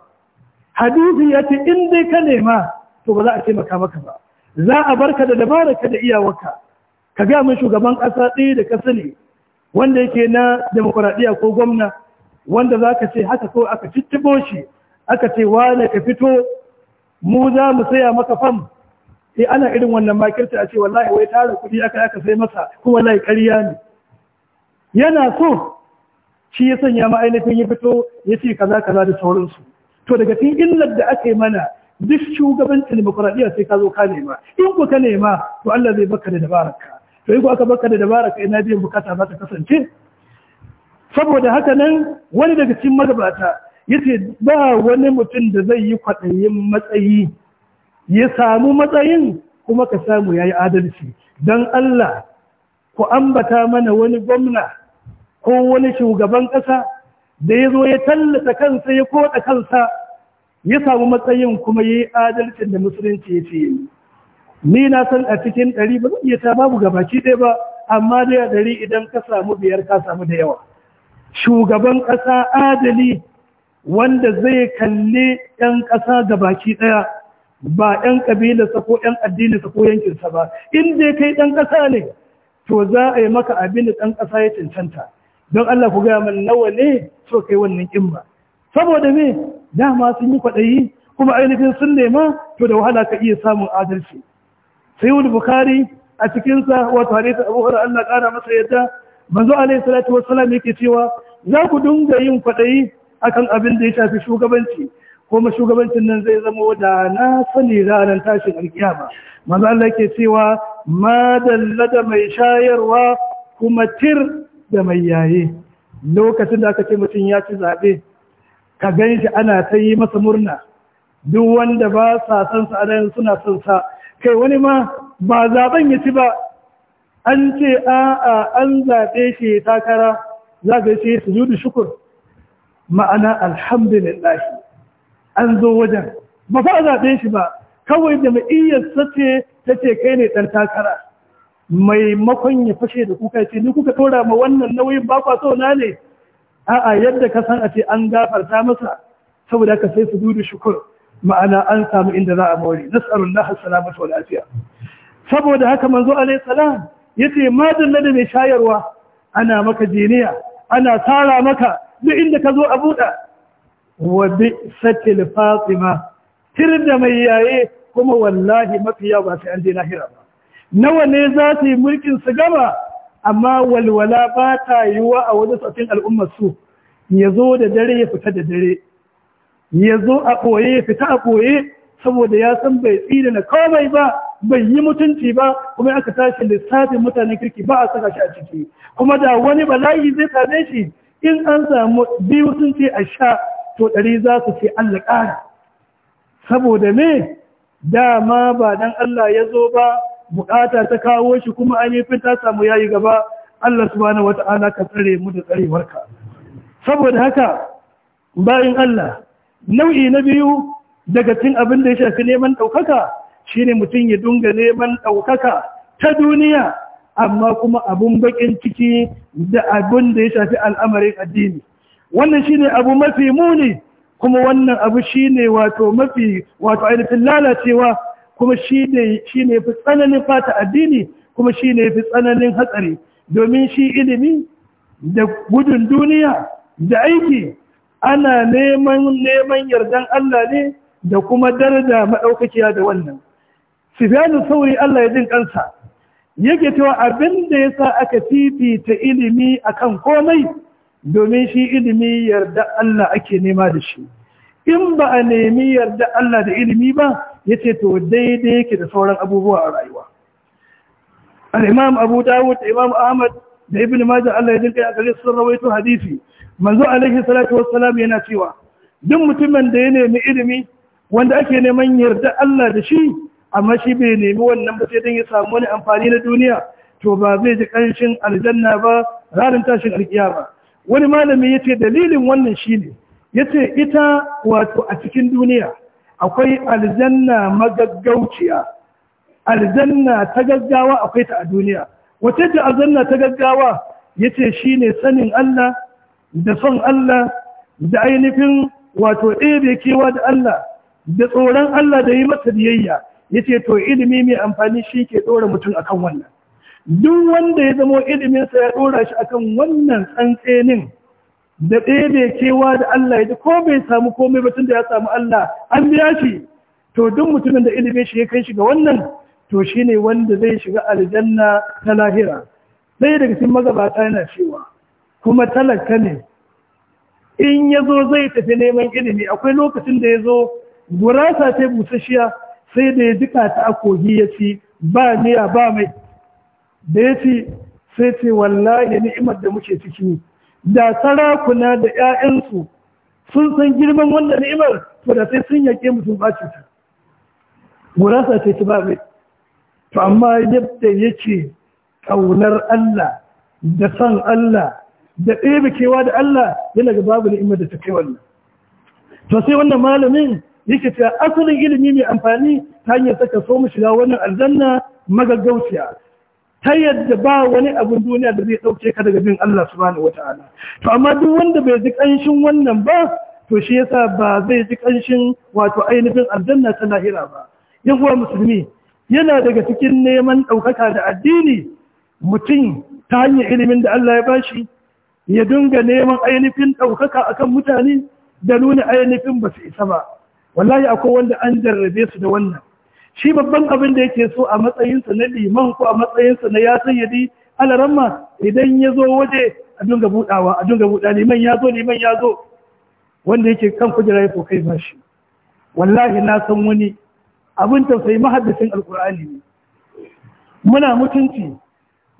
hadisi ya ce in dai ka nema to ba za a taimaka maka ba za a barka da ka da iyawarka ka ga mai shugaban ƙasa ɗaya da ka sani wanda yake na demokuraɗiyya ko gwamna wanda za ka ce haka ko aka ciccibo shi aka ce wane ka fito mu za mu saya maka fam sai eh, ana irin wannan makirta a ce wallahi wai tara kuɗi aka aka sai masa kuma wallahi ƙarya ne yana so shi ya sanya ma ya fito ya ce kaza kaza da sauransu to daga cikin illar da aka yi mana duk shugabancin demokuraɗiyya sai ka zo ka nema in ku ka nema to Allah zai baka da dabaraka. to in ku aka baka da dabaraka ina biyan bukata za ta kasance saboda haka nan wani daga cikin magabata ya ce ba wani mutum da zai yi kwaɗayin matsayi ya samu matsayin kuma ka samu ya yi adalci don Allah ku ambata mana wani gwamna ko wani shugaban ƙasa da ya zo ya tallata kansa ya koɗa kansa ya samu matsayin kuma ya yi adalcin da musulunci ya ce ni na san a cikin ɗari ba zan iya ta babu gabaki ɗaya ba amma dai a ɗari idan ka samu biyar ka samu da yawa shugaban ƙasa adali wanda zai kalli 'yan ƙasa gabaki ɗaya ba 'yan ƙabilarsa ko 'yan addininsa ko yankinsa ba in dai kai ɗan ƙasa ne to za a yi maka abin da ɗan ƙasa ya cancanta don Allah ku gaya man nawa ne so kai wannan kimba saboda me dama sun yi kwaɗayi kuma ainihin sun nema to da wahala ka iya samun adalci sai wani bukari a cikinsa wato hadisi abu hura Allah ƙara masa yadda manzo alaihi salatu wassalam yake cewa za ku dinga yin kwaɗayi akan abin da ya shafi shugabanci kuma shugabancin nan zai zama da na sani ranar tashin alkiyama manzo Allah yake cewa ma mai shayarwa kuma tir da mai yaye lokacin da aka ce mutum ya ci zaɓe ka gan shi ana ta yi masa murna duk wanda ba sa san sa ana suna son sa kai wani ma ba zaɓen ya ci ba an ce a'a an zaɓe shi ya takara za ka ce yi shukur ma'ana alhamdulillah an zo wajen ba fa zaɓe shi ba kawai da mai iya sace ta ce kai ne ɗan takara maimakon ya fashe da kuka ce ni kuka tora ma wannan nauyin ba kwa so na ne a'a yadda ka san a ce an gafarta masa saboda ka sai su dudu shukur ma'ana an samu inda za a na nas'alullahi salamatu wal lafiya saboda haka manzo alai salam yace madalla da mai shayarwa ana maka jiniya ana tara maka duk inda ka zo a buɗa wa bi satil fatima tir da mai yaye kuma wallahi mafiya ba sai an je lahira ba nawa ne za su yi mulkin su gama amma walwala ba ta yiwuwa a wani sassan al'ummarsu. su ya zo da dare ya fita da dare ya zo a ɓoye ya fita a ɓoye saboda ya san bai tsira na komai ba bai yi mutunci ba kuma aka tashi lissafin mutanen kirki ba a saka shi a ciki kuma da wani bala'i zai same shi in an samu biyu sun ce a sha to ɗari za su ce Allah ƙara saboda me dama ba dan Allah ya zo ba bukata ta kawo shi kuma an yi fita samu ya yi gaba Allah subhanahu wata'ala ka tsare mu da tsarewarka saboda haka bayan Allah nau'i na biyu daga cin abin da ya shafi neman ɗaukaka shi ne mutum ya dunga neman ɗaukaka ta duniya amma kuma abun bakin ciki da abin da ya shafi al'amarin addini wannan shi ne abu mafi muni kuma wannan abu shi ne wato mafi wato ainihin lalacewa kuma shi ne fi tsananin fata addini kuma shi ne fi tsananin hatsari domin shi ilimi da gudun duniya da aiki ana neman neman yardan Allah ne da kuma daraja maɗaukakiya da wannan Sufyanu sauri Allah ya jin kansa yake cewa abin da ya sa aka fifita ilimi akan komai domin shi ilimi yarda Allah ake nema da shi in ba a nemi yarda Allah da ilimi ba ya ce to daidai yake da sauran abubuwa a rayuwa al'imam abu dawud da imam ahmad da ibn majah allah ya jinkai a gare sun rawaito hadisi manzo alaihi salatu wassalam yana cewa duk mutumin da ya nemi ilimi wanda ake neman yarda allah da shi amma shi bai nemi wannan ba sai don ya samu wani amfani na duniya to ba zai ji ƙarshen aljanna ba ranar tashin ba. wani malami ya ce dalilin wannan shi ne ya ce ita wato a cikin duniya akwai aljanna magaggauciya aljanna ta gaggawa akwai ta a duniya wace ce aljanna ta gaggawa yace shine sanin Allah da son Allah da ainihin wato ɗebe kewa da Allah da tsoron Allah da yi masa biyayya yace to ilimi mai amfani shi ke ɗora mutum akan wannan duk wanda ya zamo iliminsa ya ɗora shi akan wannan tsantsenin da ɗaya kewa da Allah ya ji ko bai samu komai ba tunda ya samu Allah an biya shi to duk mutumin da ilimin shi ya kai shi ga wannan to shi ne wanda zai shiga aljanna ta lahira sai daga cikin magabata yana cewa kuma talaka ne in ya zo zai tafi neman ilimi akwai lokacin da ya zo gurasa ta busasshiya sai da ya jika ta a kogi ya ci ba niya ba mai da ya ci sai ce wallahi ni'imar da muke ciki da sarakuna da 'ya'yansu sun san girman wannan ni'imar to da sai sun yake mutum ba ta gurasa ce ta ba mai to amma yadda yake ƙaunar Allah da san Allah da ɗebe kewa da Allah yana ga babu ni'imar da ta kai wannan to sai wannan malamin yake cewa asalin ilimi mai amfani ta hanyar saka so mu shiga wannan aljanna magaggauciya ta yadda ba wani abin duniya da zai ɗauke ka daga bin Allah subhanahu ta'ala to amma duk wanda bai ji ƙanshin wannan ba to shi yasa ba zai ji ƙanshin wato ainihin aljanna ta lahira ba yan uwa musulmi yana daga cikin neman ɗaukaka da addini mutum ta hanyar ilimin da Allah ya bashi ya dinga neman ainihin ɗaukaka akan mutane da nuna ainihin ba su isa ba wallahi akwai wanda an jarrabe su da wannan shi babban abin da yake so a matsayinsa na liman ko a matsayinsa na ya sayyadi alaramma idan ya zo waje a dinga budawa a dinga buda liman ya zo liman ya zo wanda yake kan kujera ya kai ba shi wallahi na san wani abin tausayi mahaddisin alkur'ani ne muna mutunci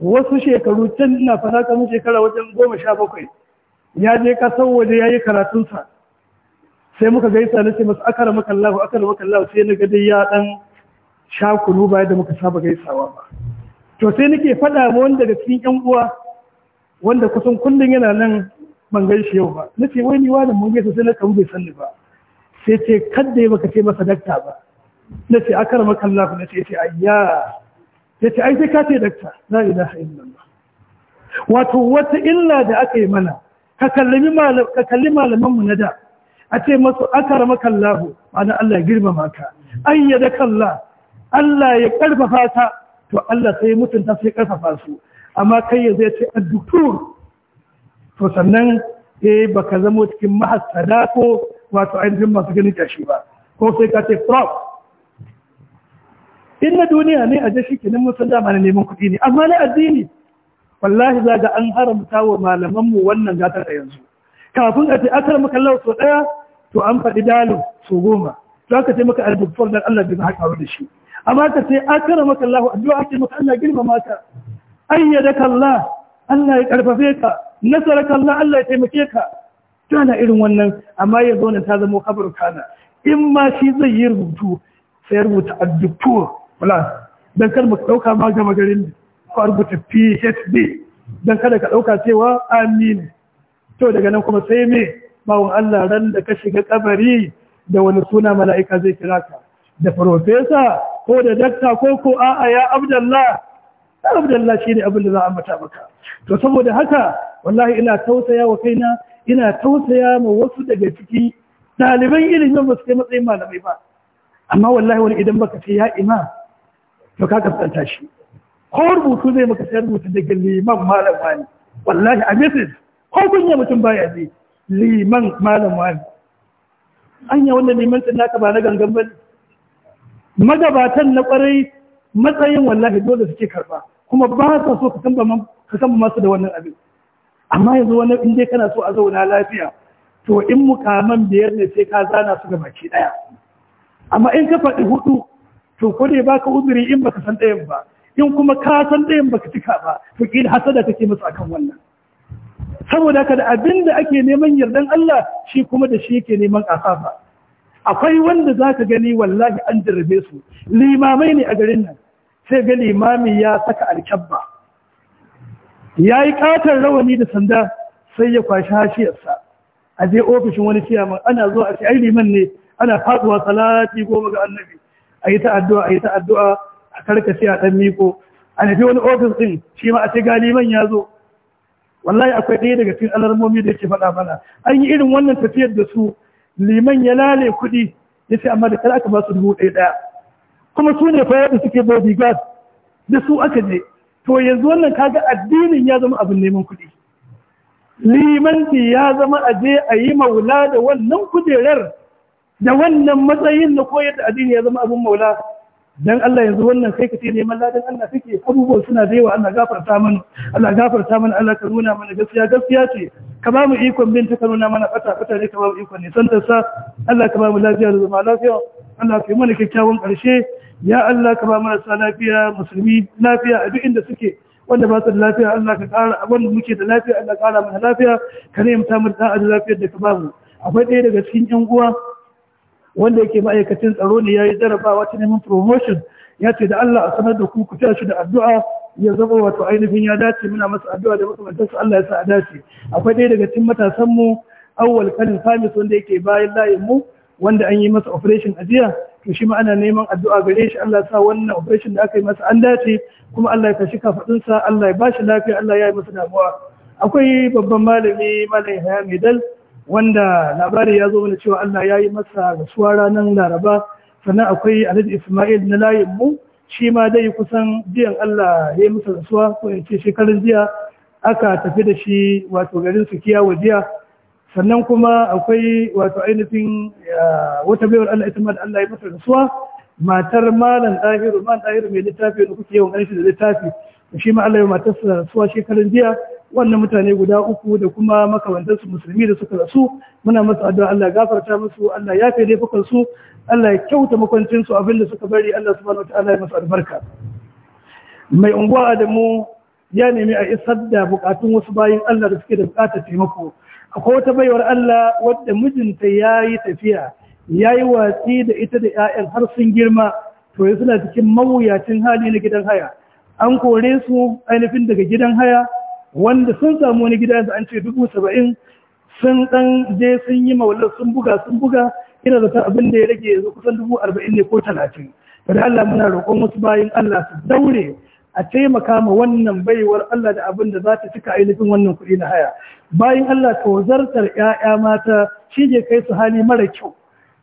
wasu shekaru can ina fara kamar shekara wajen goma sha bakwai ya je kasan waje ya yi karatunsa sai muka gaisa na ce masu akara makallahu akara makallahu sai na gadi ya dan Shakulu ba yadda muka saba gaisawa ba to sai nake faɗa ma wanda daga cikin yan uwa wanda kusan kullum yana nan ban gaishe yau ba nace wai ni wani mun gaisa sai na kawo bai sanni ba sai ce kadda ya baka ce masa dakta ba nace akar maka Allah nace ce ayya yace ai sai ka ce dakta la ilaha illallah wato wata illa da aka yi mana ka kallami malam ka kalli malaman mu na da a ce masu akar maka Allah ma'ana Allah girmama ka ayyada kallah Allah ya ƙarfafa ta to Allah sai mutunta sai ƙarfafa su amma kai ya zai ce to sannan eh baka zama cikin mahassada ko wato ainihin masu ganin kashi ba ko sai ka ce prof in na duniya ne a jashi kenan mun san dama na neman kuɗi ne amma na addini wallahi za ga an haramta wa malamanmu wannan gatar a yanzu kafin a ce akar maka lau sau ɗaya to an faɗi dalo sau goma za ka ce maka albufar dan Allah bai haka da shi amma ka ce a maka Allah addu'a ake maka Allah girmama ka Allah Allah ya karfafe ka nasarar Allah Allah ya taimake ka na irin wannan amma ya zo ta zama kabar kana in ma shi zai yi rubutu sai rubuta addu'a wala dan kar mu dauka ma ga magarin ko rubuta PhD dan kada ka ɗauka cewa amin to daga nan kuma sai me bawon Allah ran da ka shiga kabari da wani suna mala'ika zai kira ka da farofesa ko da dakka ko ko a'a ya abdallah ya abdallah ne abin da za a mata maka to saboda haka wallahi ina tausaya wa kaina ina tausaya ma wasu daga ciki ɗaliban ilimin ba su kai matsayin malamai ba amma wallahi wani idan baka ce ya ima to ka kasanta shi ko rubutu zai maka sayar rubutu daga liman malam wani wallahi a misis. ko kunya mutum baya zai liman malam wani anya wannan liman din ba na gangan bane magabatan na kwarai matsayin wallahi dole suke karba kuma ba sa so ka tamba masu da wannan abin amma yanzu wani in dai kana so a zauna lafiya to in mukaman biyar ne sai ka zana su ga baki daya amma in ka faɗi hudu to ko ne baka uzuri in baka san ɗayan ba in kuma ka san ɗayan baka cika ba to kila hasada take musu akan wannan saboda kada abin da ake neman yardan Allah shi kuma da shi yake neman asafa akwai wanda za ka gani wallahi an jirbe su limamai ne a garin nan sai ga limami ya saka alkyabba ya yi katon rawani da sanda sai ya kwashi hashiyarsa a je ofishin wani siyama ana zuwa a ce liman ne ana faduwa salati goma ga annabi a yi ta'addu'a addu'a a yi ta'addu'a a karkace a ɗan miko a nufi wani ofis ɗin shi ma a ce ga liman ya zo wallahi akwai ɗaya daga cikin alarmomi da yake faɗa mana an yi irin wannan tafiyar da su liman ya lale kuɗi ya ce amma da kada aka ba dubu ɗaya ɗaya kuma su ne fayar da suke bodyguard da su aka je to yanzu wannan kaga addinin ya zama abin neman kuɗi limanci ya zama a je a yi maula da wannan kujerar da wannan matsayin na koyar da addini ya zama abin maula dan Allah yanzu wannan kai kace ce neman ladan Allah kake abubuwan suna da yawa Allah gafarta mana Allah gafarta mana Allah ka nuna mana gaskiya gaskiya ce ka ba mu ikon bin ta nuna mana fata fata ne ka ba mu ikon ne san sa Allah ka ba mu lafiya da zama lafiya Allah ka yi mana kyakkyawan karshe ya Allah ka ba marasa lafiya musulmi lafiya a duk inda suke wanda ba su da lafiya Allah ka ƙara wanda muke da lafiya Allah ƙara mana lafiya ka ne mutum mu da lafiyar da ka ba mu akwai ɗaya daga cikin ƴan uwa wanda yake ma'aikacin tsaro ne yayi jarabawa ta neman promotion ya ce da Allah a sanar da ku ku tashi da addu'a ya zama wato ainihin ya dace muna masa addu'a da makamantar su Allah ya sa a dace akwai ɗaya daga cikin matasan mu awwal kalin famis wanda yake bayan layin mu wanda an yi masa operation a jiya to shi ma ana neman addu'a gare shi Allah ya sa wannan operation da aka yi masa an dace kuma Allah ya tashi kafadin sa Allah ya bashi lafiya Allah ya yi masa damuwa akwai babban malami malami Haya Medal wanda labari ya zo mana cewa Allah ya yi masa rasuwa ranar Laraba sannan akwai Alhaji Ismail na layin mu shi ma dai kusan jiyan Allah ya yi masa rasuwa ko in ce shekarun jiya aka tafi da shi wato garin su kiyawa jiya sannan kuma akwai wato ainihin wata baiwar Allah ita ma da Allah ya yi masa rasuwa matar malam ɗahiru malam ɗahiru mai littafi da kuke yawan ganin shi da littafi shi ma Allah ya matarsa rasuwa shekarun jiya wannan mutane guda uku da kuma makamantansu musulmi da suka rasu muna masu addu'a Allah gafarta musu Allah ya fi laifukan su Allah ya kyauta makwancin su abinda suka bari Allah subhanahu wataala ya masu albarka mai unguwa Adamu ya nemi a isar da bukatun wasu bayan Allah da suke da bukatar taimako akwai wata baiwar Allah wadda mijinta ya yi tafiya ya yi watsi da ita da 'ya'yan har sun girma to suna cikin mawuyacin hali na gidan haya an kore su ainihin daga gidan haya wanda sun samu wani gida da an ce dubu saba'in sun ɗan je sun yi maular sun buga sun buga ina zata abin da ya rage yanzu kusan dubu arba'in ne ko talatin kada Allah muna roƙon wasu bayan Allah su daure a taimaka ma wannan baiwar Allah da abin da za ta cika ainihin wannan kuɗi na haya bayan Allah wazartar 'ya'ya mata shi ne kai su hali mara kyau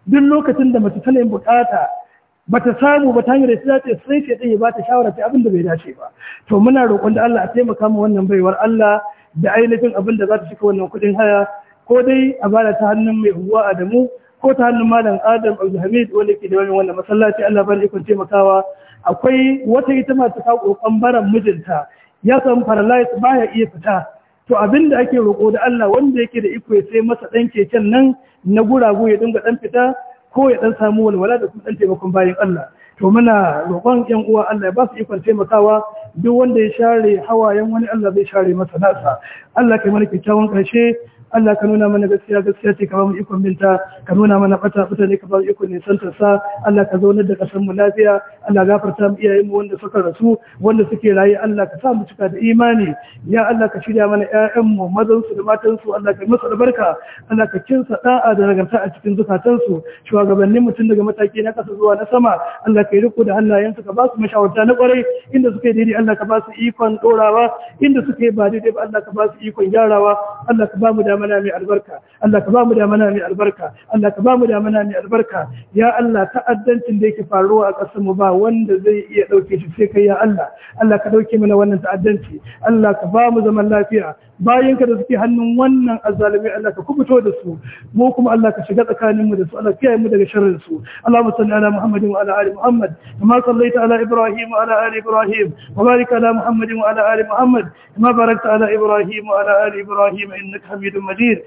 duk lokacin da mace tana yin buƙata. bata samu ba ta hanyar da ta sai ce din ya ta shawara ta abin da bai dace ba to muna roƙon da Allah a taimaka mu wannan baiwar Allah da ainihin abin da za ta cika wannan kuɗin haya ko dai a bada ta hannun mai huwa Adamu ko ta hannun malam Adam Abdulhamid wanda ke da wannan masallaci Allah bani ikon taimakawa akwai wata ita ma ta kawo baran mijinta ya san ba baya iya fita to abin da ake roƙo da Allah wanda yake da iko ya sai masa ɗan keken nan na guragu ya dinga ɗan fita ko ya dan samu walwala da kuma dan taimakon bayan Allah to muna roƙon ƴan uwa Allah ya ba su ikon taimakawa duk wanda ya share hawayen wani Allah zai share masa nasa Allah kai mana kyakkyawan ƙarshe Allah ka nuna mana gaskiya gaskiya ce ka ba mu ikon binta ka nuna mana bata bata ne ka ba mu ikon nisantar sa Allah ka zaunar da kasar mu lafiya Allah gafarta mu iyayen mu wanda suka rasu wanda suke raye Allah ka sa mu cika da imani ya Allah ka shirya mana ƴaƴan mu mazan su da matan su Allah ka yi musu albarka Allah ka kinsa da'a da nagarta a cikin zukatan su shugabannin mutum daga mataki na kasa zuwa na sama Allah ka yi riko da hannayensu ka ba su mashawarta na kwarai inda suke daidai Allah ka ba su ikon dorawa inda suke ba daidai ba Allah ka ba su ikon yarawa. Allah ka ba mu dama damana mai albarka Allah ka ba mu damana mai albarka Allah ka ba mu damana mai albarka ya Allah ta'addancin da yake faruwa a ƙasar mu ba wanda zai iya dauke shi sai kai ya Allah Allah ka dauke mana wannan ta'addanci Allah ka ba mu zaman lafiya bayinka da suke hannun wannan azzalimi Allah ka kubuto da su mu kuma Allah ka shiga tsakanin mu da su Allah kiyaye mu daga sharrin su Allahumma salli ala Muhammadin wa ala ali Muhammad kama sallaita ala Ibrahim wa ala ali Ibrahim wa barik ala Muhammadin wa ala ali Muhammad kama barakta ala Ibrahim wa ala ali Ibrahim innaka Hamidum Majid